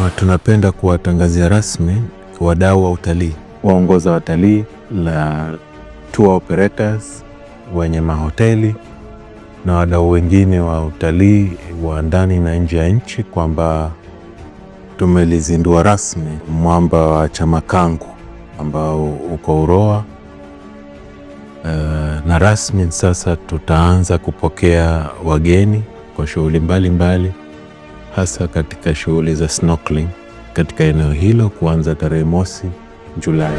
Ah, tunapenda kuwatangazia rasmi wadau wa utalii, waongoza watalii na tour operators, wenye mahoteli na wadau wengine wa utalii wa ndani na nje ya nchi kwamba tumelizindua rasmi mwamba wa Chamakangu ambao uko Uroa eh, na rasmi sasa tutaanza kupokea wageni kwa shughuli mbalimbali hasa katika shughuli za snorkeling katika eneo hilo kuanza tarehe mosi Julai.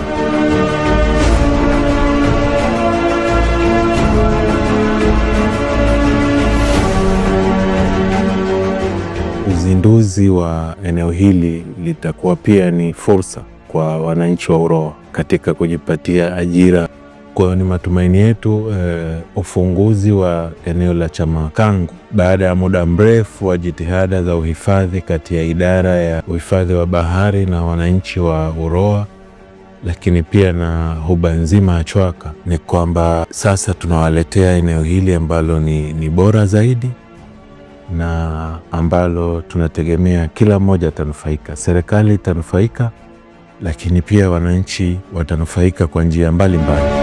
Uzinduzi wa eneo hili litakuwa pia ni fursa kwa wananchi wa Uroa katika kujipatia ajira. Kwa hiyo ni matumaini yetu eh, ufunguzi wa eneo la Chamakangu baada ya muda mrefu wa jitihada za uhifadhi kati ya idara ya uhifadhi wa bahari na wananchi wa Uroa lakini pia na huba nzima ya Chwaka ni kwamba sasa tunawaletea eneo hili ambalo ni, ni bora zaidi na ambalo tunategemea kila mmoja atanufaika. Serikali itanufaika, lakini pia wananchi watanufaika kwa njia mbalimbali.